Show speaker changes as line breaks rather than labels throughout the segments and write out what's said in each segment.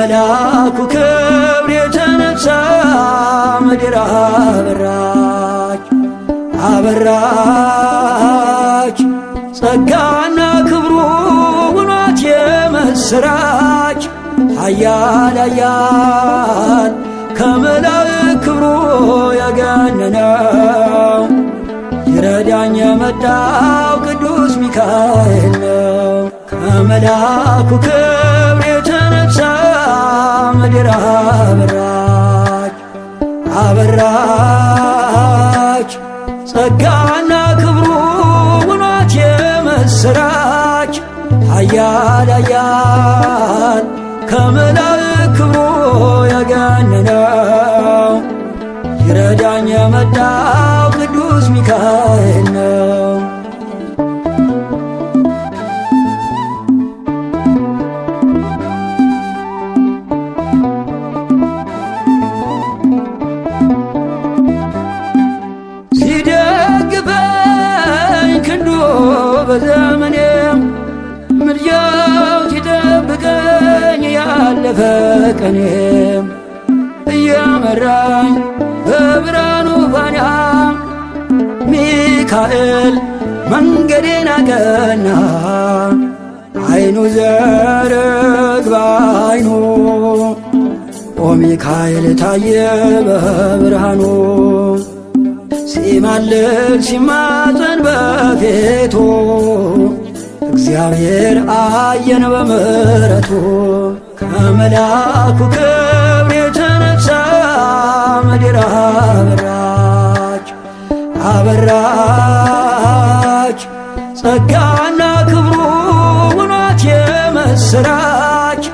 ከመላኩ ክብር የተነሳ ምድር አበራች አበራች ጸጋና ክብሩ ውኗት የመስራች አያል አያል ከመላእክት ክብሩ ያገነነው ይረዳኝ የመጣው ቅዱስ ሚካኤል ነው ከመላኩ ምድር አበራች አበራች ጸጋና ክብሩ ውናት የመስራች አያል አያል ከመላው ክብሩ ያገነነው ይረዳኝ የመጣው ቅዱስ ሚካኤል ነው። ቀኔም እያመራኝ በብርሃኑ ባንያ ሚካኤል መንገዴን አቀና አይኑ ዘርግ ባይኑ ኦ ታየ በብርሃኑ ሲማልል ሲማፀን በፊቱ እግዚአብሔር አየን በምሕረቱ ከመልአኩ ክብር የተነሳ ምድር አበራች አበራች ጸጋና ክብሩ ውናት የመስራች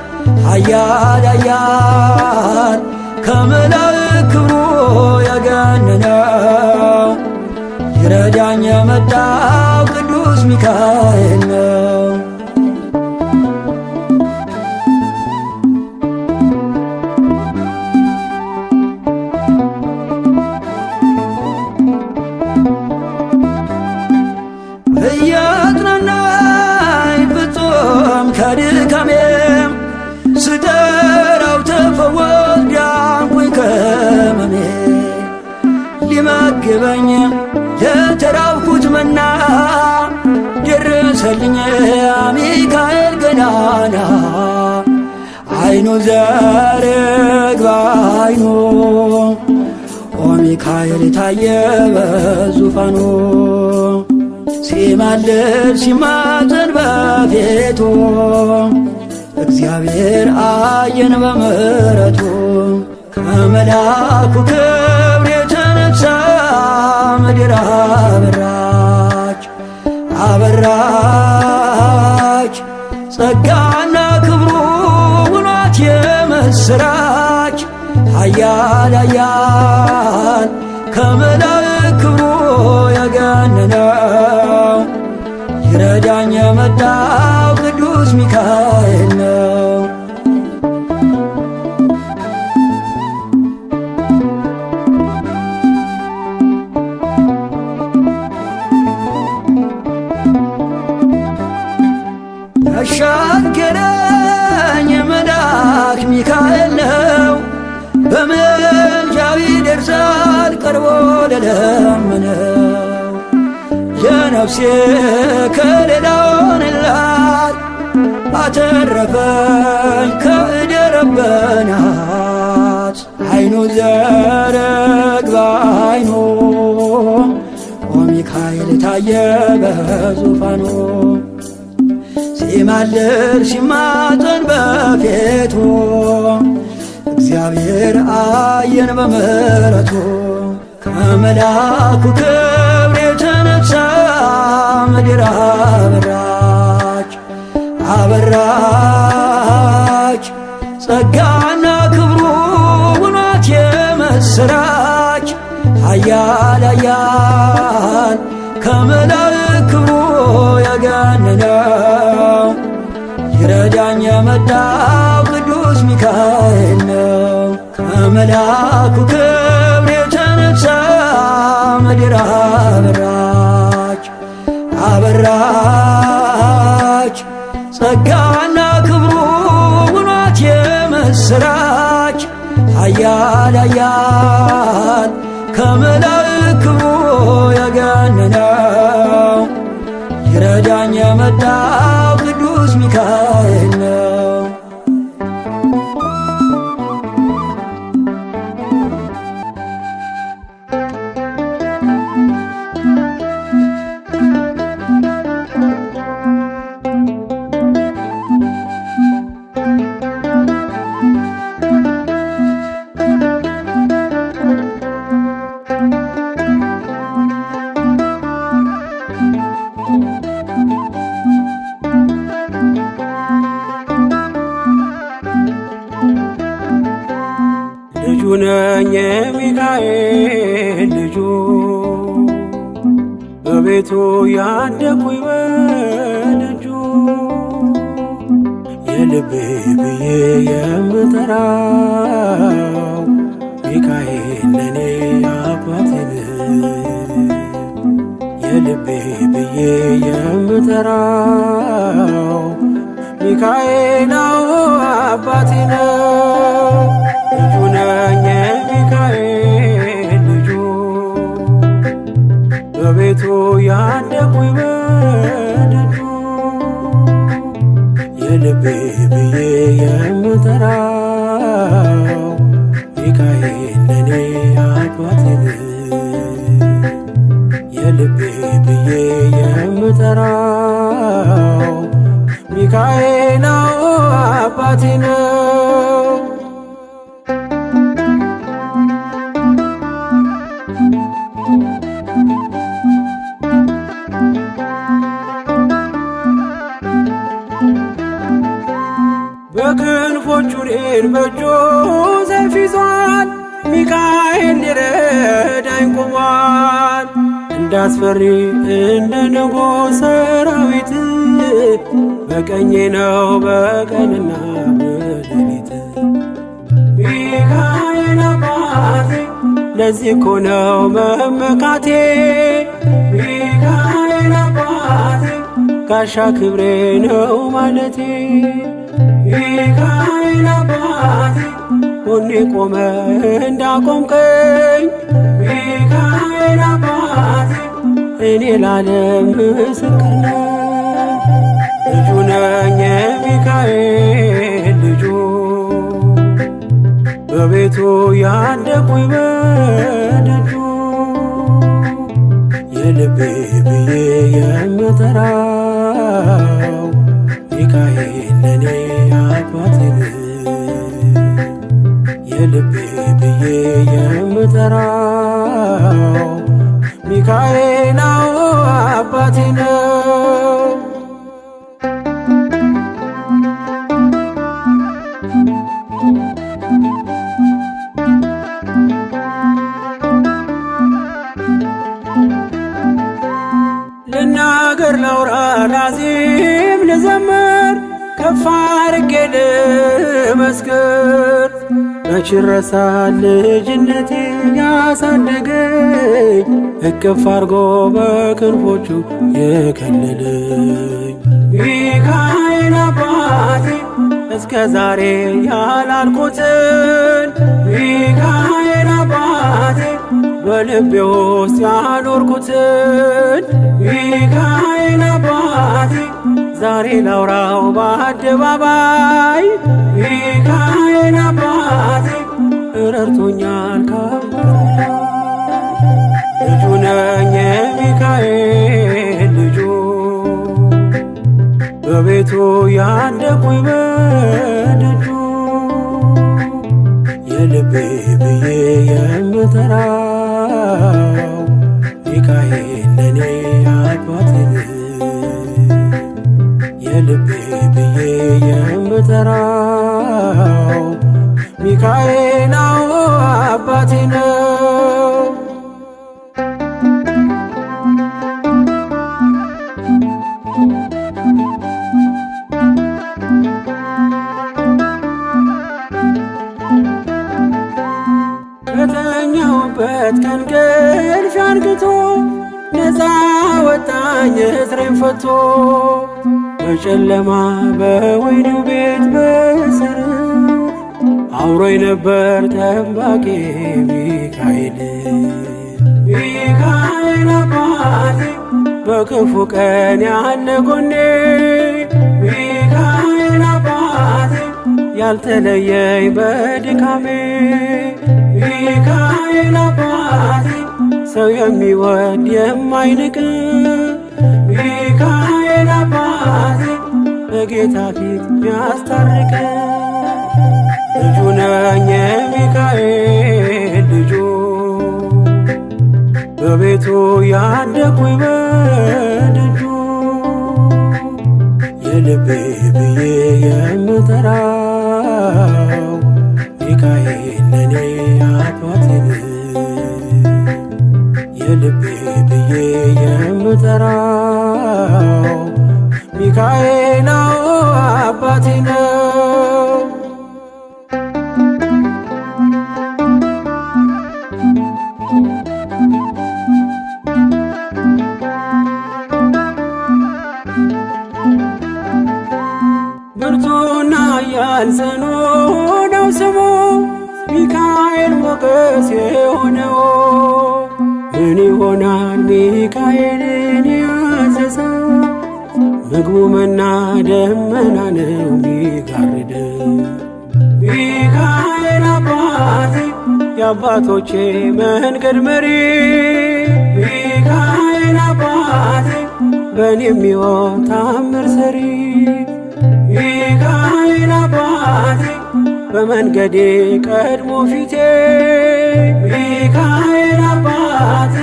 አያል አያል ከመላእክት ክብሩ ያገነነው ይረዳኝ የመጣው ቅዱስ ሚካኤል ነው። አይኑ ዘርግባ አይኑ ኦ ሚካኤል ታየ በዙፋኑ ሲማልድ ሲማዘን በፊቱ እግዚአብሔር አየን በምሕረቱ ከመላኩ ክብር የተነሳ ምድር አበራች አበራች ጸጋ ስራች ሀያል ሀያል ከመላእክት ያገነናል የምለምነው የነፍሴ ከሌላውን ላይ ከደረበናት አይኑ ዘረግ ባይኑ ሚካኤል ታየ በዙፋኑ ሲማልር ሲማጠን በፊቱ እግዚአብሔር አየን በምሕረቱ መላኩ ክብር የተነሳ ምድር አበራች አበራች ጸጋና ክብሩ ውናት የመስራች ሀያል ሀያል ከመላእክት ክብሩ ያጋነነው ይረዳኝ የመጣው ቅዱስ ሚካኤል ነው ከመላኩ ምድር አበራች አበራች ጸጋና ክብሩ ውኗት የምስራች አያል አያል ነው ልጁ ነኝ በቤቱ የልቤ ብዬ የምጠራው ሚካኤል ለኔ የልቤ ብዬ የምጠራው ሚካኤል አባቴ ሚካኤል ሊረዳኝ ቆሟል። እንዳስፈሪ እንደ ንጉሥ ሰራዊት በቀኜ ነው በቀንና በሌሊት ሚካኤል አባቴ ለዚህ እኮ ነው መመካቴ ሚካኤል አባቴ ጋሻ ክብሬ ነው ማለቴ ሚካኤል አባቴ ጎኔ ቆመ እንዳቆምከኝ ሚካኤል አባት እኔ ላለም ምስክር ልጁ ነኝ የሚካኤል ልጁ በቤቱ ያደኩኝ በድ እቅፍ አርጎ በክንፎቹ የከለለኝ ሚካኤል አባቴ እስከ ዛሬ ያላልኩትን ሚካኤል አባቴ በልቤ ውስጥ ያኖርኩትን ሚካኤል አባቴ ዛሬ ላውራው በአደባባይ ሚካኤል አባቴ እረርቶኛል ከባ ልጁ ነኝ የሚካኤል ልጁ በቤቱ ያደኩኝ በደጁ የልቤ ብዬ የምጠራው ሚካኤል ለኔ የልቤ ብዬ የምጠራው ሚካኤል ጨለማ በወይኑ ቤት በሰረ አውሮይ ነበር ጠባቂ ሚካኤል ሚካኤል አባቴ በክፉ ቀን ያለ ጎኔ ሚካኤል አባቴ ያልተለየኝ በድካሜ ሚካኤል አባቴ ሰው የሚወድ የማይንቅ ሚካኤል በጌታ ፊት ያስታርቀ ልጁ ነኝ የሚካኤል ልጁ በቤቱ ያደኩ በደጁ የልቤ ብዬ የምጠራው ሚካኤል ለኔ አባቴን የልቤ ብዬ የምጠራው አምላኬ ነው አባቴ ነው አባቶቼ መንገድ መሪ ሚካኤል አባቴ በኔ የሚሆን ታምር ሰሪ ሚካኤል አባቴ በመንገዴ ቀድሞ ፊቴ ሚካኤል አባቴ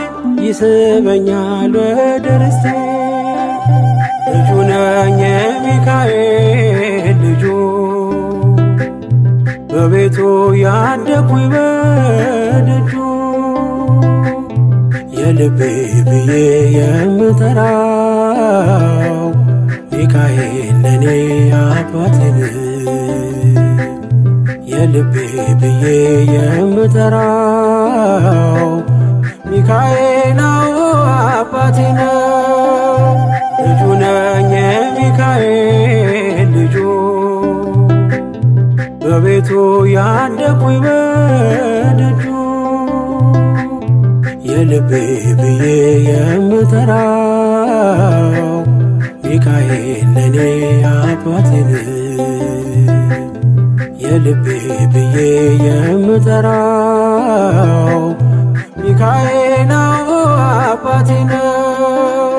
ይስበኛል ወደ ርስቴ ልጁ ነኝ በቤቱ ያደኩኝ በደጁ የልቤ ብዬ የምጠራው ሚካኤል ለኔ አባቴን የልቤ ብዬ የምጠራው ሚካኤል አባቴ ነው ልጁ ነኝ ሚካኤል በቤቱ ያደኩኝ በደጁ የልቤ ብዬ የምጠራው ሚካኤል ለኔ አባቴን የልቤ ብዬ የምጠራው ሚካኤል አባቴ ነው።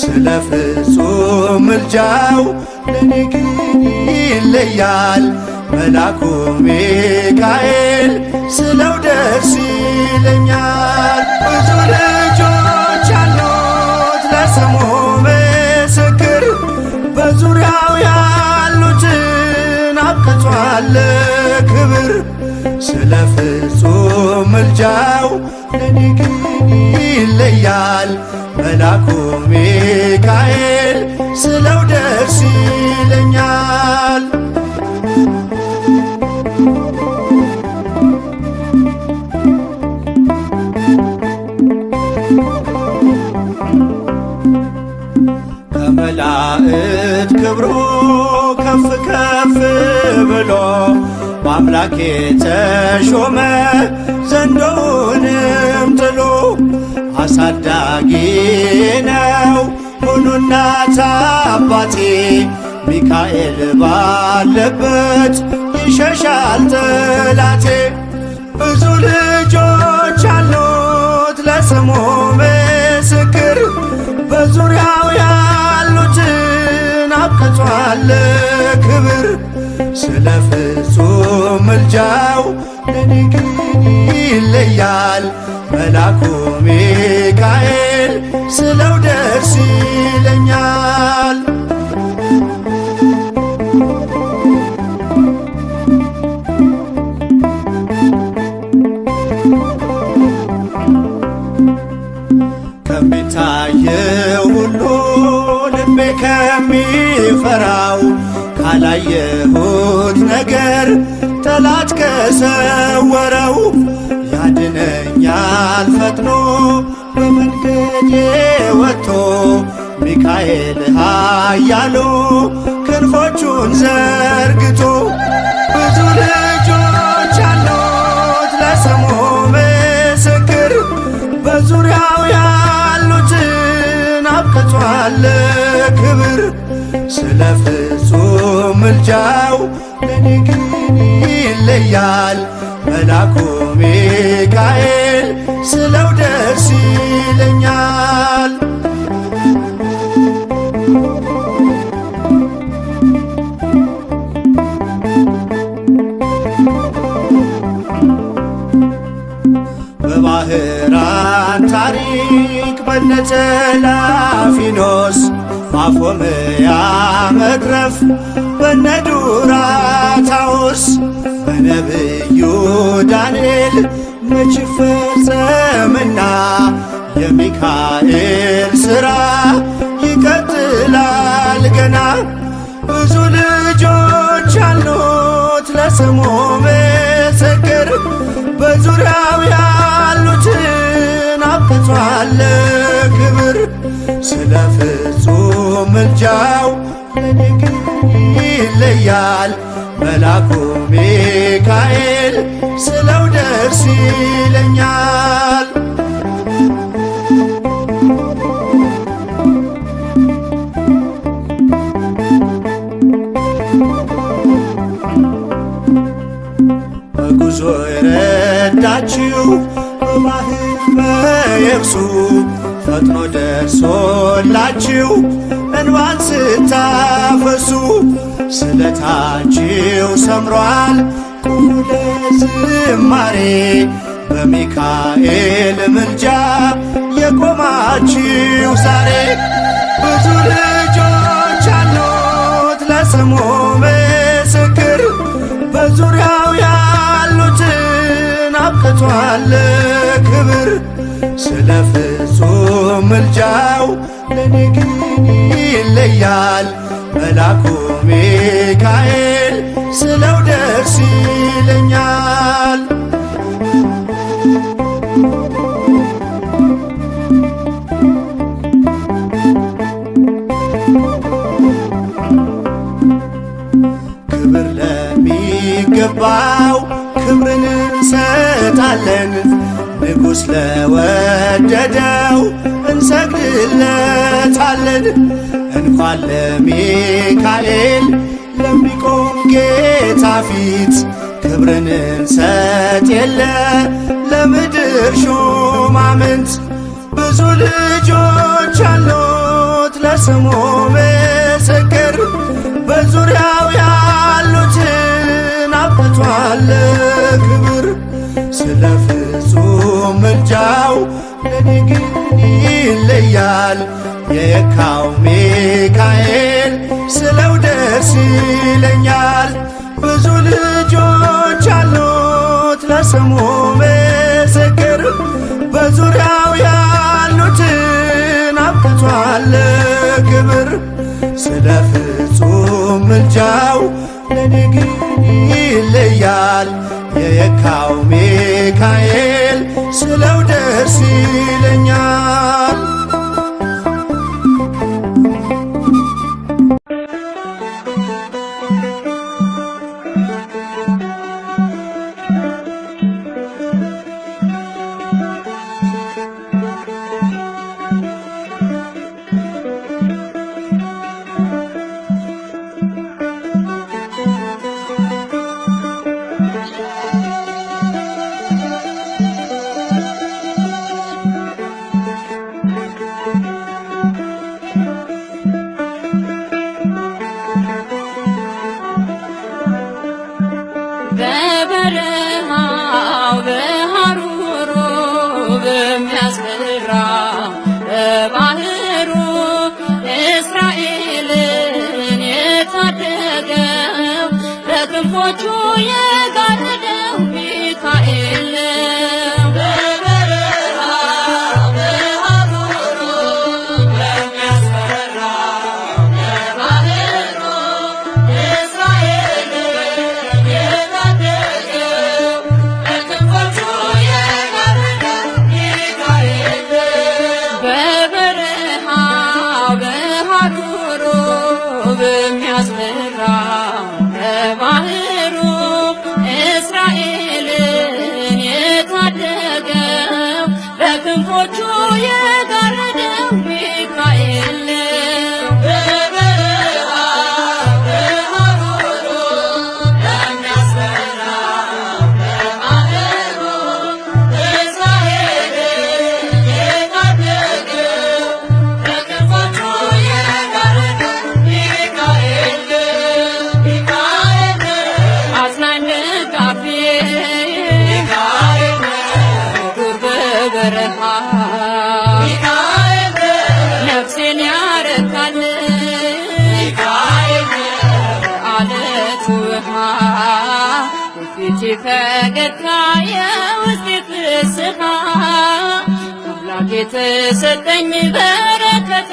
ስለ ፍጹም ምልጃው ለኔ ግን ይለያል መላኩ ሚካኤል ስለው ደስ ይለኛል። ብዙ ልጆች አሉት ለስሙ ምስክር በዙሪያው ያሉትን አብቅቷል ክብር ስለ ፍጹም ምልጃው ለኔ ግን ይለያል መላኩ ሚካኤል ስለው ደርስ ይለኛል። ከመላእት ክብሩ ከፍ ከፍ ብሎ በአምላክ ተሾመ ዘንዶውን አሳዳጊ ነው ሙሉ እናት አባቴ ሚካኤል ባለበት ይሸሻል ጠላቴ። ብዙ ልጆች አሉት ለስሙ ምስክር በዙሪያው ያሉትን አብቅቷል ክብር ስለ ፍጹም ምልጃው ለኔ ግን ይለያል መልአኩ ሚካኤል ስለው ደስ ይለኛል። ከሚታየው ሁሉ ልቤ ከሚፈራው ካላየሁት ነገር ጠላት ከሰወረው ያድነኛል ፈጥኖ በመንገዴ ወጥቶ ሚካኤል ኃያሉ ክንፎቹን ዘርግቶ ብዙ ልጆች አሉት ለስሙ ምስክር በዙሪያው ያሉትን አብቅቷል ክብር ስለ ፍጹም ምልጃው ለኔ ግን ይለያል መላኩ ሚካኤል ስለው ደስ ይለኛል። በባህራን ታሪክ በነተላፊኖስ ማፎመያ መትረፍ በነዱራታውስ በነብዩ ዳንኤል መች ፈጸምና የሚካኤል ሥራ ይቀጥላል ገና ብዙ ልጆች አሉት ለስሙ ምስክር በዙሪያው ያሉትን አብቅቷል ክብር ስለ ፍጹም ምልጃው ለኔ ግን ይለያል መላኩ ሚካኤል ስለው ደርስ ይለኛል። በጉዞ የረዳችው በባህር በየብሱ ፈጥኖ ደርሶላችሁ እንባን ስታፈሱ ስለታችሁ ሰምሯል ቁለ ዝማሬ በሚካኤል ምልጃ የቆማችሁ ዛሬ ብዙ ልጆች አሉት ለስሙ ምስክር በዙሪያው ያሉትን አብቅቷል ክብር ስለ ፍጹም ምልጃው ለኔ ግን ይለያል መላኩ ሚካኤል ለወደደው እንሰግድለታለን። እንኳን ለሚካኤል ለሚቆም ጌታ ፊት ክብርን እንሰጥ የለ ለምድር ሹማምንት ብዙ ልጆች አሉት ለስሙ ምስክር በዙሪያው ያሉትን አብቅቷል ክብር ስለፍ ምልጃው ለኔ ግን ይለያል የካው ሚካኤል ስለው ደስ ይለኛል። ብዙ ልጆች አሉት ለስሙ ምስክር በዙሪያው ያሉትን አብቅቷል ክብር ስለ ፍጹም ምልጃው ለኔ ግን ይለያል የየካው ሚካኤል ስለው ደስ ይለኛል
ፈገግታ የውስጤ ፍስሃ አምላክ የተሰጠኝ በረከት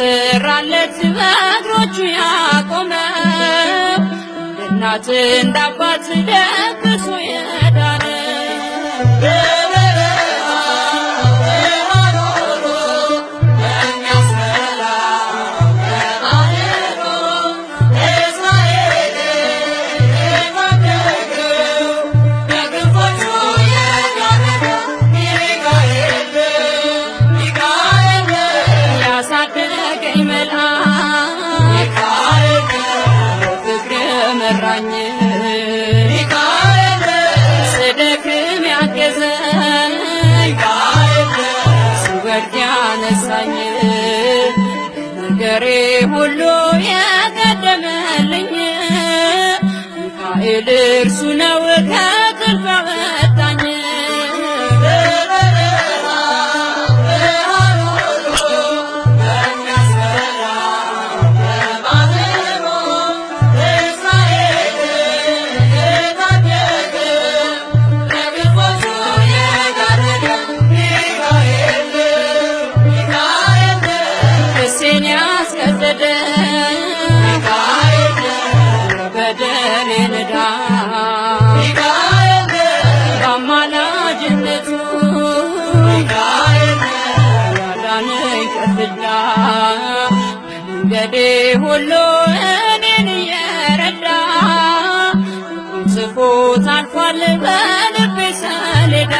የሰራለት በእግሮቹ ያቆመ እናት እንዳባት ደግሶ ሁሉ የቀደመልኝ ሚካኤል እርሱ ነው ዘመዴ ሁሉ እኔን እየረዳ ጽፎ ታልፏል በልቤ ሰሌዳ